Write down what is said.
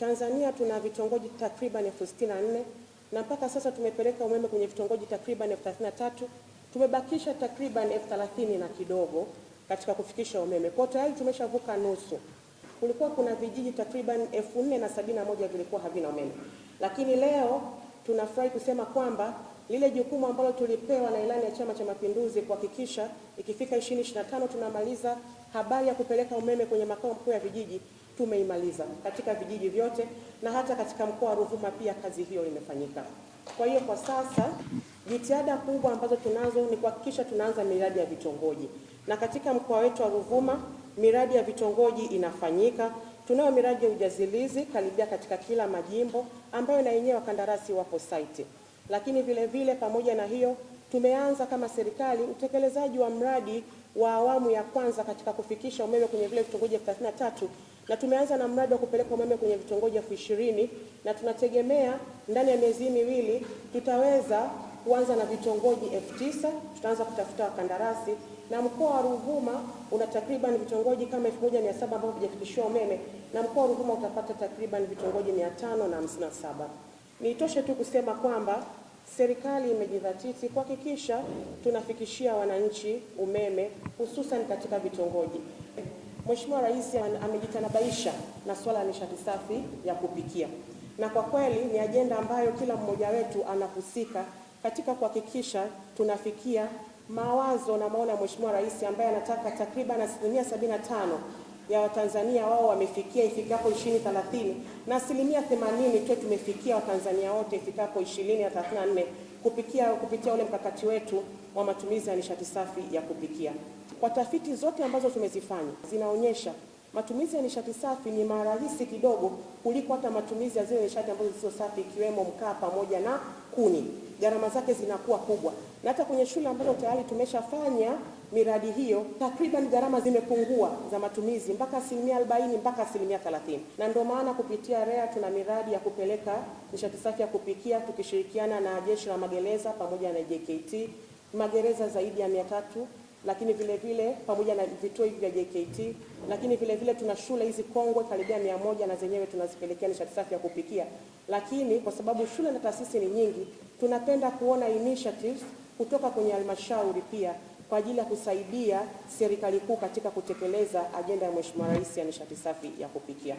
Tanzania tuna vitongoji takriban elfu sitini na nne na mpaka sasa tumepeleka umeme kwenye vitongoji takriban elfu thelathini na tatu tumebakisha takriban elfu thelathini na kidogo katika kufikisha umeme kwa tayari tumeshavuka nusu. Kulikuwa kuna vijiji takriban elfu nne na sabini na moja vilikuwa havina umeme, lakini leo tunafurahi kusema kwamba lile jukumu ambalo tulipewa na ilani ya Chama cha Mapinduzi kuhakikisha ikifika 2025 tunamaliza habari ya kupeleka umeme kwenye makao makuu ya vijiji tumeimaliza katika vijiji vyote na hata katika mkoa wa Ruvuma pia kazi hiyo imefanyika. Kwa hiyo kwa sasa jitihada kubwa ambazo tunazo ni kuhakikisha tunaanza miradi ya vitongoji, na katika mkoa wetu wa Ruvuma miradi ya vitongoji inafanyika. Tunayo miradi ya ujazilizi karibia katika kila majimbo ambayo na yenyewe wakandarasi wapo site, lakini vile vile pamoja na hiyo tumeanza kama serikali utekelezaji wa mradi wa awamu ya kwanza katika kufikisha umeme kwenye vile vitongoji 33 na tumeanza na mradi wa kupeleka umeme kwenye vitongoji elfu ishirini na tunategemea ndani ya miezi miwili tutaweza kuanza na vitongoji elfu tisa. Tutaanza kutafuta wakandarasi na mkoa wa Ruvuma una takriban vitongoji kama 1700 ambavyo havijafikishiwa umeme na mkoa wa Ruvuma utapata takriban vitongoji 557. Niitoshe tu kusema kwamba serikali imejidhatiti kuhakikisha tunafikishia wananchi umeme hususan katika vitongoji. Mheshimiwa Rais amejitanabaisha na swala la nishati safi ya kupikia, na kwa kweli ni ajenda ambayo kila mmoja wetu anahusika katika kuhakikisha tunafikia mawazo na maono ya Mheshimiwa Rais ambaye anataka takriban asilimia 75 ya Watanzania wao wamefikia ifikapo ishirini thelathini na asilimia themanini tuwe tumefikia Watanzania wote ifikapo ishirini na kupitia kupitia ule mkakati wetu wa matumizi ya nishati safi ya kupikia. Kwa tafiti zote ambazo tumezifanya zinaonyesha matumizi ya nishati safi ni marahisi kidogo kuliko hata matumizi ya zile nishati ambazo zisizo safi ikiwemo mkaa pamoja na kuni gharama zake zinakuwa kubwa, na hata kwenye shule ambazo tayari tumeshafanya miradi hiyo, takriban gharama zimepungua za matumizi mpaka asilimia 40 mpaka asilimia thelathini, na ndio maana kupitia REA tuna miradi ya kupeleka nishati safi ya kupikia tukishirikiana na jeshi la magereza pamoja na JKT magereza zaidi ya mia tatu lakini vile vile pamoja na vituo hivi vya JKT, lakini vile vile tuna shule hizi kongwe karibia mia moja na zenyewe tunazipelekea nishati safi ya kupikia. Lakini kwa sababu shule na taasisi ni nyingi, tunapenda kuona initiatives kutoka kwenye halmashauri pia kwa ajili ya kusaidia serikali kuu katika kutekeleza ajenda ya Mheshimiwa Rais ya nishati safi ya kupikia.